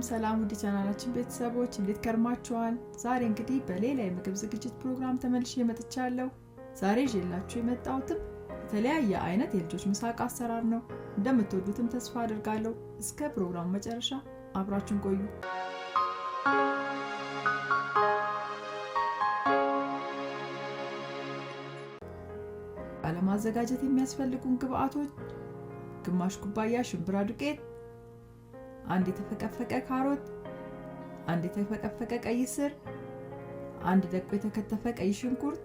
ሰላም ሰላም ውድ ቻናላችን ቤተሰቦች እንዴት ከርማችኋል? ዛሬ እንግዲህ በሌላ የምግብ ዝግጅት ፕሮግራም ተመልሼ መጥቻለሁ። ዛሬ ይዤላችሁ የመጣሁትም የተለያየ አይነት የልጆች ምሳቅ አሰራር ነው። እንደምትወዱትም ተስፋ አድርጋለሁ። እስከ ፕሮግራሙ መጨረሻ አብራችን ቆዩ። ለማዘጋጀት የሚያስፈልጉን ግብአቶች ግማሽ ኩባያ ሽምብራ ዱቄት አንድ የተፈቀፈቀ ካሮት፣ አንድ የተፈቀፈቀ ቀይ ስር፣ አንድ ደቆ የተከተፈ ቀይ ሽንኩርት፣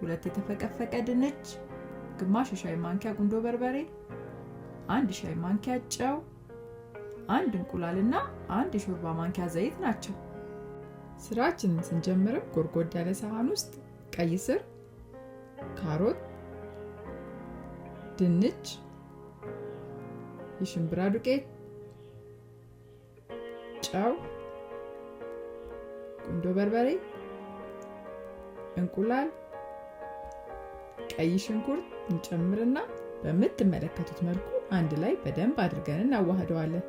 ሁለት የተፈቀፈቀ ድንች፣ ግማሽ የሻይ ማንኪያ ጉንዶ በርበሬ፣ አንድ ሻይ ማንኪያ ጨው፣ አንድ እንቁላል እና አንድ የሾርባ ማንኪያ ዘይት ናቸው። ስራችንን ስንጀምርም ጎድጎድ ያለ ሳህን ውስጥ ቀይ ስር፣ ካሮት፣ ድንች፣ የሽምብራ ዱቄት ጨው፣ ቁንዶ በርበሬ፣ እንቁላል፣ ቀይ ሽንኩርት እንጨምርና በምትመለከቱት መልኩ አንድ ላይ በደንብ አድርገን እናዋህደዋለን።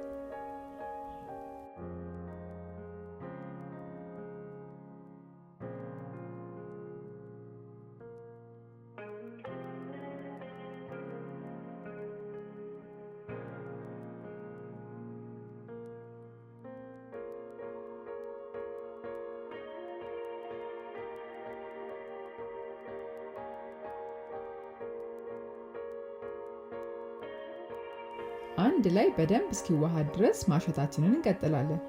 አንድ ላይ በደንብ እስኪዋሃድ ድረስ ማሸታችንን እንቀጥላለን።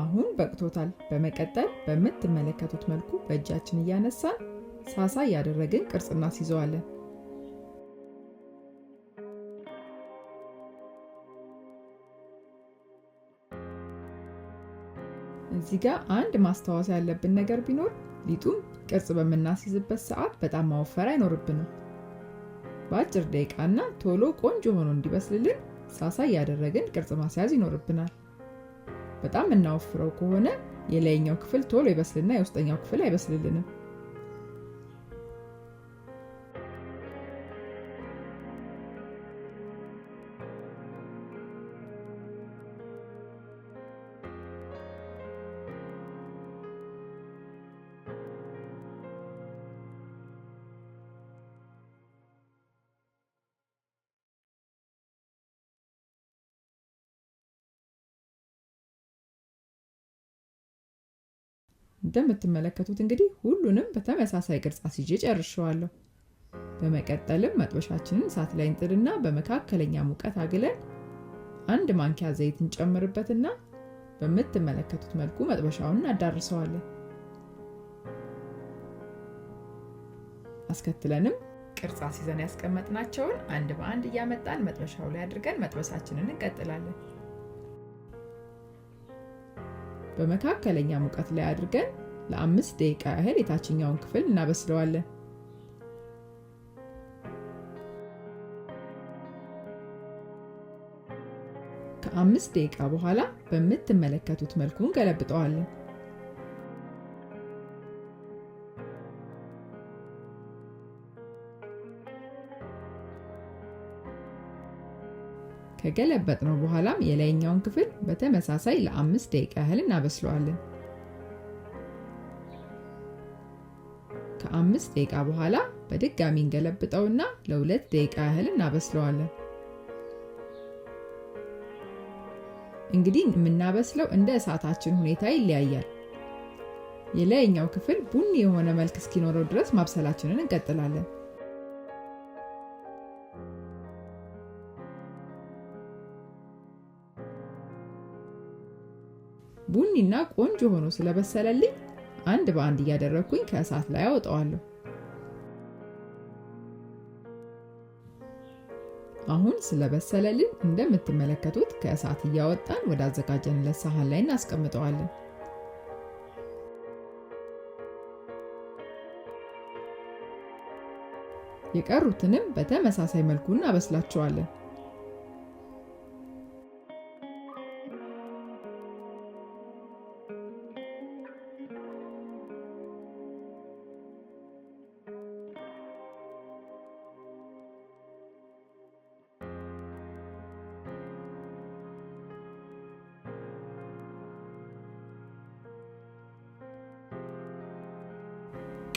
አሁን በቅቶታል። በመቀጠል በምትመለከቱት መልኩ በእጃችን እያነሳን ሳሳ እያደረግን ቅርጽ እናስይዘዋለን። እዚህ ጋር አንድ ማስታወስ ያለብን ነገር ቢኖር ሊጡም ቅርጽ በምናስይዝበት ሰዓት በጣም ማወፈር አይኖርብንም። በአጭር ደቂቃና ቶሎ ቆንጆ ሆኖ እንዲበስልልን ሳሳ እያደረግን ቅርጽ ማስያዝ ይኖርብናል። በጣም እናወፍረው ከሆነ የላይኛው ክፍል ቶሎ ይበስልና የውስጠኛው ክፍል አይበስልልንም። እንደምትመለከቱት እንግዲህ ሁሉንም በተመሳሳይ ቅርጽ አስይዤ ጨርሸዋለሁ። በመቀጠልም መጥበሻችንን እሳት ላይ እንጥድና በመካከለኛ ሙቀት አግለን አንድ ማንኪያ ዘይት እንጨምርበትና በምትመለከቱት መልኩ መጥበሻውን እናዳርሰዋለን። አስከትለንም ቅርጽ አስይዘን ያስቀመጥናቸውን አንድ በአንድ እያመጣን መጥበሻው ላይ አድርገን መጥበሳችንን እንቀጥላለን። በመካከለኛ ሙቀት ላይ አድርገን ለአምስት ደቂቃ ያህል የታችኛውን ክፍል እናበስለዋለን። ከአምስት ደቂቃ በኋላ በምትመለከቱት መልኩ ገለብጠዋለን። ከገለበጥነው በኋላም የላይኛውን ክፍል በተመሳሳይ ለአምስት ደቂቃ ያህል እናበስለዋለን። ከአምስት ደቂቃ በኋላ በድጋሚ እንገለብጠውና ለሁለት ደቂቃ ያህል እናበስለዋለን። እንግዲህ የምናበስለው እንደ እሳታችን ሁኔታ ይለያያል። የላይኛው ክፍል ቡኒ የሆነ መልክ እስኪኖረው ድረስ ማብሰላችንን እንቀጥላለን። ቡኒና ቆንጆ ሆኖ ስለበሰለልኝ አንድ በአንድ እያደረግኩኝ ከእሳት ላይ አወጣዋለሁ። አሁን ስለበሰለልን እንደምትመለከቱት ከእሳት እያወጣን ወደ አዘጋጀንለት ሳህን ላይ እናስቀምጠዋለን። የቀሩትንም በተመሳሳይ መልኩ እናበስላቸዋለን።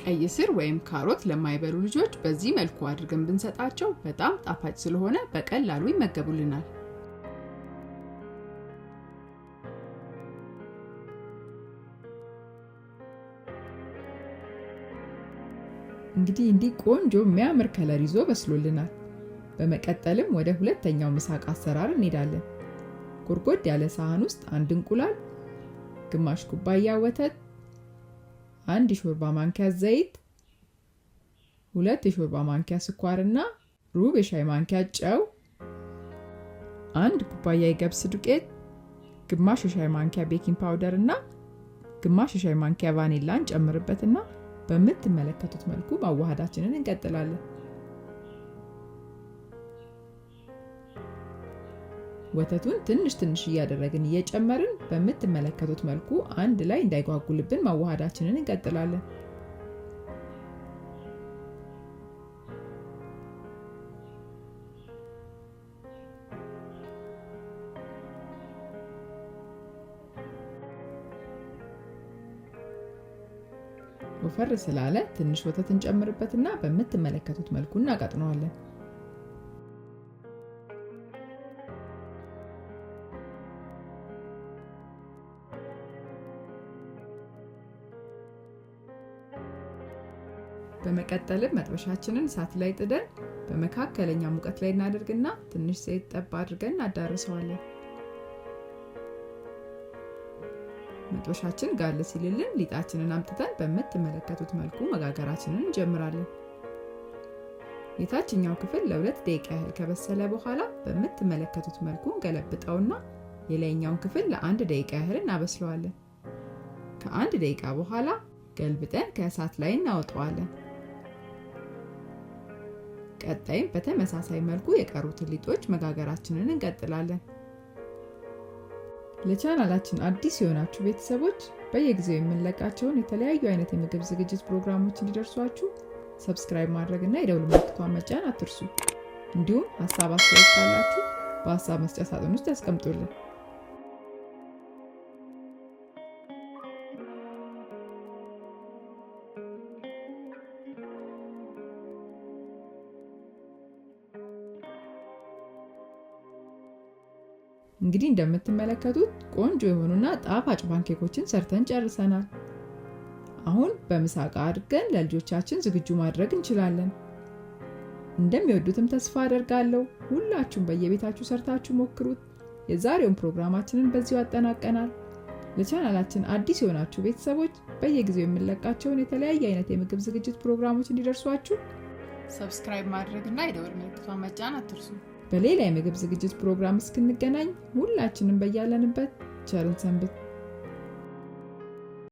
ቀይ ስር ወይም ካሮት ለማይበሉ ልጆች በዚህ መልኩ አድርገን ብንሰጣቸው በጣም ጣፋጭ ስለሆነ በቀላሉ ይመገቡልናል። እንግዲህ እንዲህ ቆንጆ የሚያምር ከለር ይዞ በስሎልናል። በመቀጠልም ወደ ሁለተኛው ምሳቅ አሰራር እንሄዳለን። ጎርጎድ ያለ ሳህን ውስጥ አንድ እንቁላል፣ ግማሽ ኩባያ ወተት አንድ የሾርባ ማንኪያ ዘይት፣ ሁለት የሾርባ ማንኪያ ስኳር እና ሩብ የሻይ ማንኪያ ጨው፣ አንድ ኩባያ የገብስ ዱቄት፣ ግማሽ የሻይ ማንኪያ ቤኪንግ ፓውደር እና ግማሽ የሻይ ማንኪያ ቫኒላን ጨምርበትና በምትመለከቱት መልኩ ማዋሃዳችንን እንቀጥላለን። ወተቱን ትንሽ ትንሽ እያደረግን እየጨመርን በምትመለከቱት መልኩ አንድ ላይ እንዳይጓጉልብን ማዋሃዳችንን እንቀጥላለን። ወፈር ስላለ ትንሽ ወተት እንጨምርበትና በምትመለከቱት መልኩ እናቀጥነዋለን። በመቀጠልም መጥበሻችንን እሳት ላይ ጥደን በመካከለኛ ሙቀት ላይ እናደርግና ትንሽ ዘይት ጠብ አድርገን እናዳርሰዋለን። መጥበሻችን ጋለ ሲልልን ሊጣችንን አምጥተን በምትመለከቱት መልኩ መጋገራችንን እንጀምራለን። የታችኛው ክፍል ለሁለት ደቂቃ ያህል ከበሰለ በኋላ በምትመለከቱት መልኩ እንገለብጠውና የላይኛውን ክፍል ለአንድ ደቂቃ ያህል እናበስለዋለን። ከአንድ ደቂቃ በኋላ ገልብጠን ከእሳት ላይ እናወጣዋለን። ቀጣይም በተመሳሳይ መልኩ የቀሩትን ሊጦች መጋገራችንን እንቀጥላለን። ለቻናላችን አዲስ የሆናችሁ ቤተሰቦች በየጊዜው የምንለቃቸውን የተለያዩ አይነት የምግብ ዝግጅት ፕሮግራሞች እንዲደርሷችሁ ሰብስክራይብ ማድረግና የደውል ምልክቷን መጫን አትርሱ። እንዲሁም ሀሳብ አስተያየት ካላችሁ በሀሳብ መስጫ ሳጥን ውስጥ ያስቀምጡልን። እንግዲህ እንደምትመለከቱት ቆንጆ የሆኑና ጣፋጭ ፓንኬኮችን ሰርተን ጨርሰናል። አሁን በምሳ አድርገን ለልጆቻችን ዝግጁ ማድረግ እንችላለን። እንደሚወዱትም ተስፋ አደርጋለሁ። ሁላችሁም በየቤታችሁ ሰርታችሁ ሞክሩት። የዛሬውን ፕሮግራማችንን በዚሁ አጠናቀናል። ለቻናላችን አዲስ የሆናችሁ ቤተሰቦች በየጊዜው የምንለቃቸውን የተለያየ አይነት የምግብ ዝግጅት ፕሮግራሞች እንዲደርሷችሁ ሰብስክራይብ ማድረግ እና የደወል ምልክቷን መጫን አትርሱም በሌላ የምግብ ዝግጅት ፕሮግራም እስክንገናኝ ሁላችንም በያለንበት ቸርን ሰንብት።